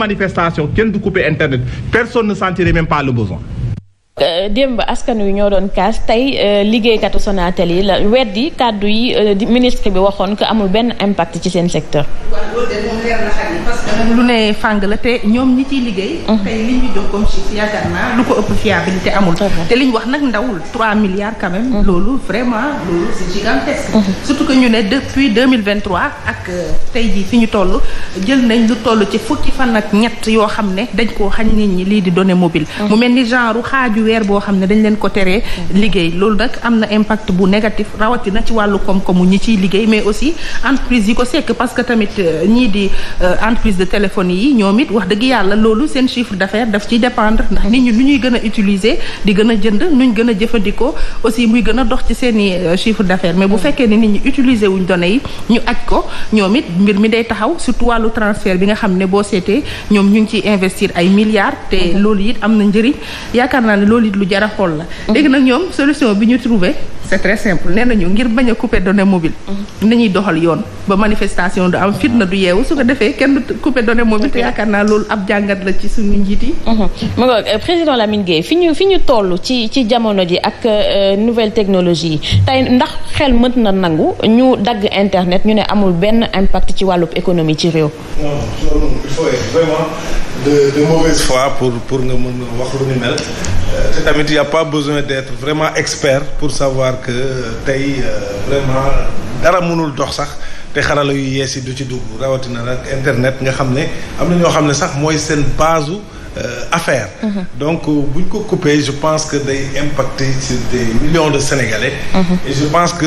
manifestation kenn du couper internet personne ne sentirait même pas le Euh, démb askan wi ñoo doon kaas tey euh, liggéeykatu Sonatel yi la weddi kàddu yi euh, ministre bi waxoon que amul benn impact ci seen secteur. lu ne fàng la te ñoom ñi ciy liggéey. Mhm. tey lu ko ëpp fiabilité amul. te li ñu wax nag ndawul 3 milliards quand mhm. loolu vraiment loolu c'est gigantesque. Mhm. surtout que ñu ne depuis 2023 ak tey jii fi ñu toll jël nañ lu toll ci fukki fan nag ñett yoo xam ne dañ koo xañ nit ñi lii di données mobiles. mu mel ni genre xaaju. weer boo xam ne dañ leen ko teree liggéey loolu nag am na impact bu négatif rawatina ci wàllu koom-koomu ñi ciy liggéey mais aussi entreprise yi ko sekk parce que tamit euh, ñi di euh, entreprise de téléphone yi ñoom it wax dëgg yàlla loolu seen chiffre d'affaires daf ciy dépendre ndax nit ñi lu ñuy gën a utiliser di gën a jënd nuñ gën a jëfandikoo aussi muy gën a dox ci seen i euh, chiffre d'affaires mais bu fekkee ne nit ñu utiliser wuñ données yi ñu aj ko ñoom it mbir mi day taxaw surtout wàllu transfert bi nga xam ne boo seetee ñoom ñu ngi ciy investir ay milliards te loolu it am na njëriñ loolu it lu jara a xool la. Mm-hmm. léegi nag ñoom solution bi ñu trouvé. c' est très simple nee nañu ngir bañ a couper données mobiles. Mhm. nañuy doxal yoon ba manifestation du am mhm. fitna du yeewu su ko defee kenn du couper données te yaakaar naa loolu ab jàngat la ci suñu njiit yi. Mhm. Euh, président Lamine Gueye fi ñu fi ñu toll ci ci jamono ji ak euh, nouvelle technologie yi ndax xel mën na nangu ñu dagg internet ñu ne amul benn impact ci wàllub économie ci réew. non loolu il faut vraiment euh, a pas expert pour savoir. que tey euh, vraiment dara mënul dox sax te xarala yu yees yi du ci dugg rawatina nag internet nga xam ne am na ñoo xam ne sax mooy seen base euh, affaire. Mhm. donc euh, buñ ko coupé je pense que day impacte sur des millions de Sénégalais. Mhm. je pense que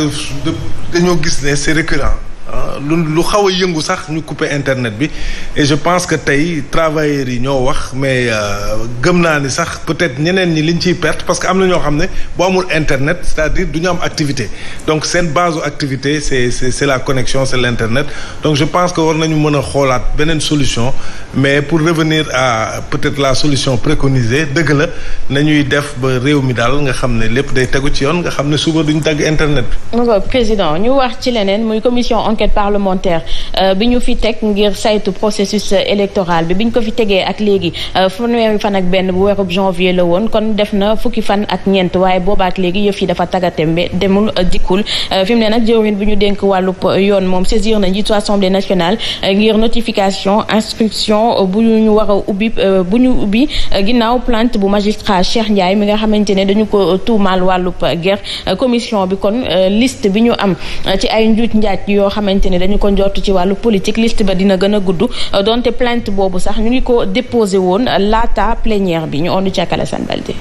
dañoo gis ne c'est récurrent. Euh, lu lu xaw a yëngu sax ñu couper internet bi et je pense que tey travailleurs yi ñoo wax mais euh, gëm naa ni sax peut-être ñeneen ñi liñ ciy perte parce que am na ñoo xam ne boo amul internet c'est-à-dire du ñu am activité donc seen base activité c'est c'est c'est la connexion c'est l'internet donc je pense que war nañu mën a xoolaat beneen solution mais pour revenir à peut-être la solution préconisée dëgg la nañuy def ba réew mi daal nga xam ne lépp day tegu ci yoon nga xam ne suba duñu dagg internet bi. président ñu wax ci leneen muy commission enquête parlementaire euh, bi ñu fi teg ngir saytu processus électoral bi bi ñu ko fi tegee ak léegi euh, fanweeri fan ak benn bu weerub janvier la woon kon def na fukki fan ak ñeent waaye boobaak léegi yëf yi dafa tagatembe demul euh, dikkul fi mu ne nag jëwriñ bu ñu denk wàllu yoon moom saisir na njiitu assemblée nationale ngir notification instruction. saison euh, bu ñu war a ubbi euh, bu ñu ubbi euh, ginnaaw plante bu magistrat Cheikh Ndiaye mi nga xamante ne dañu ko tuumaal wàllu guerre commission bi kon liste bi ñu am ci ay njuuj njaaj yoo xamante ne dañu ko njort ci wàllu politique list ba dina gën a gudd donte plainte boobu sax ñu ngi ko déposé woon laata plénière bi ñu ondu ci ak Balde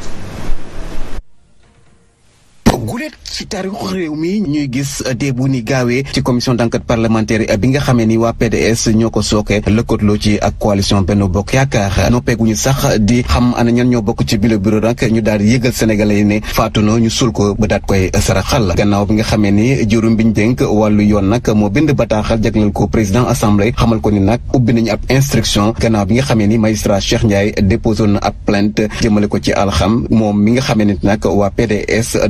ci taarix réew mi ñuy gis déebu ni gaawee ci commission d'enquête parlementaire bi nga xamee ni waa PDS ñoo ko sooke lëkkatloo ci ak coalition benn Bokk Yaakaar noppeeguñu sax di xam ana ñan ñoo bokk ci bile bureau nag ñu daal di yëgal Sénégalais yi ne faatu ñu sul ko ba daat koy saraxal gannaaw bi nga xamee ni juróom biñ dénk wàllu yoon nag moo bind bataaxal jagleel ko président assemblée xamal ko ni nag ubbi nañu ab instruction gannaaw bi nga xamee ni magistrat Cheikh Ndiaye déposé na ab plainte jëmale ko ci alxam moom mi nga xamee ni nag waa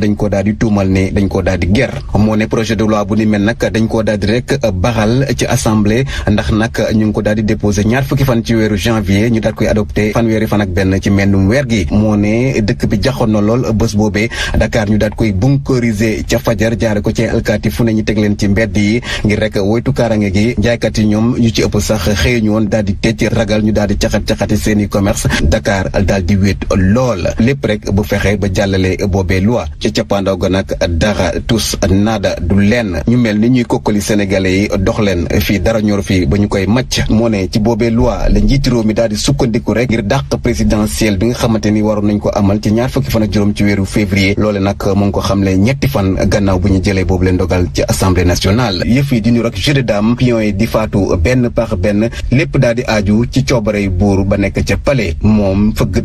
dañ ko daal di tuumal ne dañ koo daal di ger moo ne projet de loi bu ni mel nag dañ koo daal rek baxal ci assemblée ndax nag ñu ngi ko daal di déposé ñaar fukki fan ci weeru janvier ñu daal koy adopté fanweeri fan ak benn ci mennum weer gi moo ne dëkk bi jaxoon na lool bés boobee Dakar ñu daal koy bunkerisé ca fajar jaare ko ci alkaati fu ne ñu teg leen ci mbedd yi ngir rek woytu kaaraange gi jaaykat yi ñoom ñu ci ëpp sax xëy ñu woon daal di tecc ragal ñu daal di caxat caxati seen commerce Dakar daal di wéet lool lépp rek bu fexe ba jàllale boobee loi ca cappaandaw ga nag dara tous naada du lenn ñu mel ni ñuy kokkali sénégalais yi dox leen fii dara ñor fii ba ñu koy màcc moo ne ci boobee loi la njiiti réew mi daal di sukkandiku rek ngir dàq présidentielle bi nga xamante ni waroon nañ ko amal ci ñaar fukki fan ak juróom ci weeru février loole nag mu ngi ko xamle ñetti fan gannaaw bu ñu jëlee boobu leen dogal ci assemblée nationale yëf yi di ñu rek jeu de dame pion yi di faatu benn par benn lépp daal di aaju ci coobarey buur ba nekk ca palais moom fëgg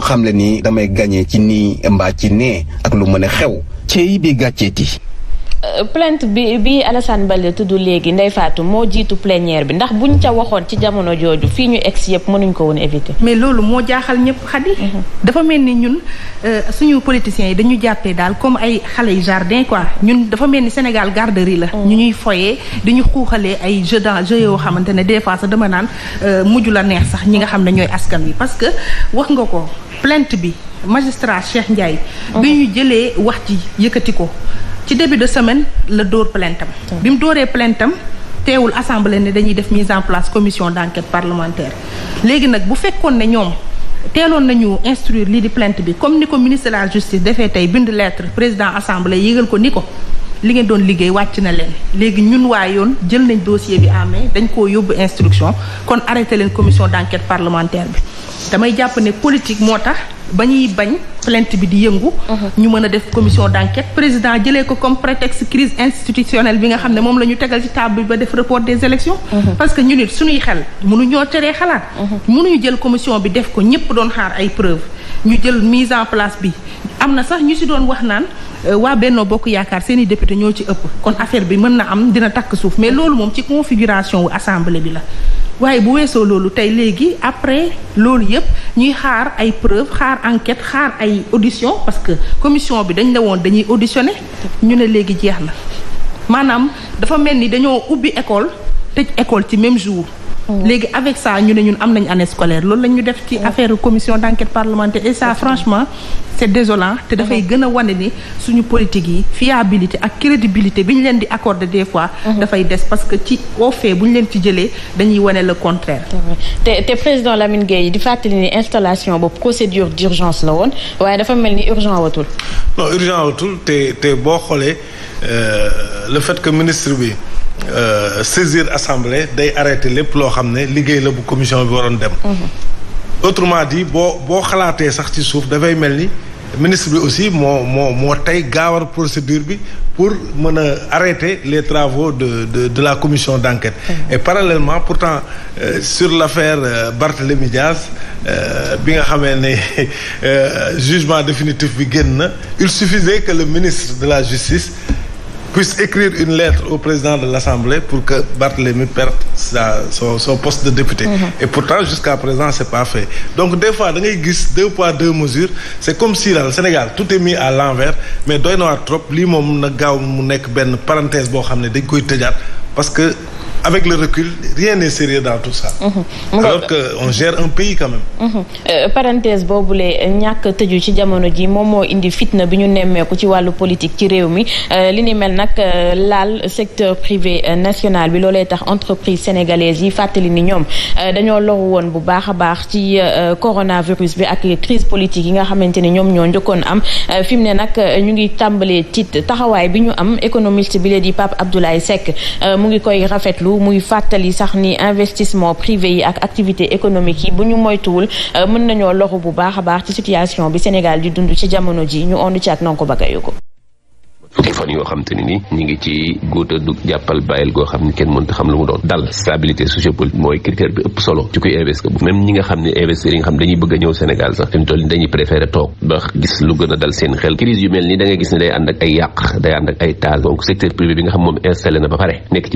xam le ni damay gagné ci nii mbaa ci nee ak lu mën a xew cey bi gàcceeti euh, plainte bi bi Alassane Baldé tudd léegi Ndeye Fatou moo jiitu plénière bi ndax buñ ca waxoon ci jamono jooju fii ñu egsi yëpp mënuñ ko woon éviter. mais loolu moo jaaxal ñëpp xadi mhm. dafa mel ni ñun euh, suñu politiciens yi dañu jàppee daal comme ay xale yu jardin quoi ñun dafa mel ni Sénégal garderie la. Mhm. ñu ñuy foyee dañu xuuxalee ay jeu dans jeu yoo xamante ne des fois sax dama naan euh, mujju la neex sax ñi nga xam ne ñooy askan wi parce que wax nga ko plainte bi. magistrat Cheikh Ndiaye. Oh. bi ñu jëlee wax ji yëkkati ko ci début de semaine la dóor plainte bi mu dóoree plainte am teewul assemblée ne dañuy def mise en place commission d' enquête parlementaire léegi nag bu fekkoon ne ñoom. teeloon nañu instruire lii di plainte bi comme ni ko ministre la justice defee tey bind lettre président assemblée yégal ko ni ko li ngeen doon liggéey wàcc na leen léegi ñun waa yoon jël nañ dossier bi amee dañ koo yóbbu instruction kon arrêté leen commission d' enquête parlementaire bi moo tax ba ñuy bañ plainte bi di yëngu mhm. ñu mën a def commission d'enquête président jëlee ko comme prétexte crise institutionnelle bi nga xam ne moom la ñu tegal ci table bi ba def report des élections mhm. parce que ñu nit suñuy xel nu ñoo teree xalaat mhm. mënuñu jël commission bi def ko ñëpp doon xaar ay preuve ñu jël mise en place bi am na sax ñu si doon wax naan euh, waa Benno Bokk Yaakaar seen i député ñoo ci ëpp kon affaire bi mën na am dina takk suuf mais loolu moom ci configuration wu bi la waaye bu weesoo loolu tey léegi après loolu yëpp ñuy xaar ay preuve xaar enquête xaar ay audition parce que commission bi dañ la woon dañuy auditionné ñu ne léegi jeex na maanaam dafa mel ni dañoo ubbi école tëj école ci même jour Mm. léegi avec ça ñu ne ñun am nañ année scolaire loolu la ñu def ci mm. affaire commission d' enquête parlementaire et ça mm. franchement c' désolant te dafay mm-hmm. gën a wane ni suñu politique yi fiabilité ak crédibilité bi ñu leen di accorder des fois mm-hmm. dafay des parce que ci au fait bu ñu leen ci jëlee dañuy wone le contraire te te président Lamine yi di fàttali ni installation boobu procédure d' urgence la woon waaye dafa mel ni urgent watul non urgent watul te te boo xoolee euh, le fait que ministre bi Euh, saisir assemblée day arrêté lépp loo xam ne liggéey la bu commission bi waroon dem. Mhm. autrement di boo boo xalaatee sax ci suuf dafay mel ni ministre bi aussi moo moo moo tey gaawar procédure bi pour mën a arrêter les travaux de de de la commission d'enquête. Mhm. et parallèlement pourtant euh, sur l'affaire euh, Barthélémy Diaz bi nga xamee ne jugement définitif bi génn na il suffisait que le ministre de la justice. puisse écrire une lettre au président de l'Assemblée pour que Barthélemy perde sa son son poste de député. Mm -hmm. et pourtant jusqu'à présent c'est pas fait donc des fois da gis deux poids deux mesures c'est comme si daal Sénégal tout mis à l'envers mais doy na waar trop lii moom na gaaw mu nekk benn parenthèse boo xam ne dañ koy tëjaat parce que. avec le recul rien n'est sérieux dans tout ça. Mhm. Mhm. Euh, parenthèse boobule euh, ñàkk tëju ci jamono ji moom moo indi fitna bi ñu nemmeeku ci wàllu politique ci réew mi euh, li ni mel nag laal secteur privé national bi loolee tax entreprise sénégalaise yi fàttali ni ñoom dañoo loru woon bu baax a baax ci coronavirus bi ak crise politique yi nga xamante ni ñoom ñoo njëkkoon am fi mu ne nag ñu ngi tàmbalee tiit taxawaay bi ñu am économiste bi la di Pape Abdoulaye Seck mu rafetlu muy fàttali sax ni investissement privé yi ak activités économiques yi bu ñu moytuwul euh, mën nañoo loxo bu baax a baax ci situation bi Sénégal di dund ci jamono ji ñu ond ci ak non ko bagayu ci fan yoo xam te ni ñu ngi ci guut a jàppal bàyyil goo xam ne kenn mënta xam lu mu doon dal stabilité sociopolitique mooy critère bi ëpp solo ci koy investir bi nga xam moom installé na ba pare nekk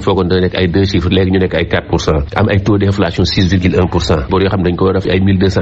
ko moom nekk ay deux chiffres léegi ñu nekk ay 4 pour cent am yoo xam ne dañ ko war ay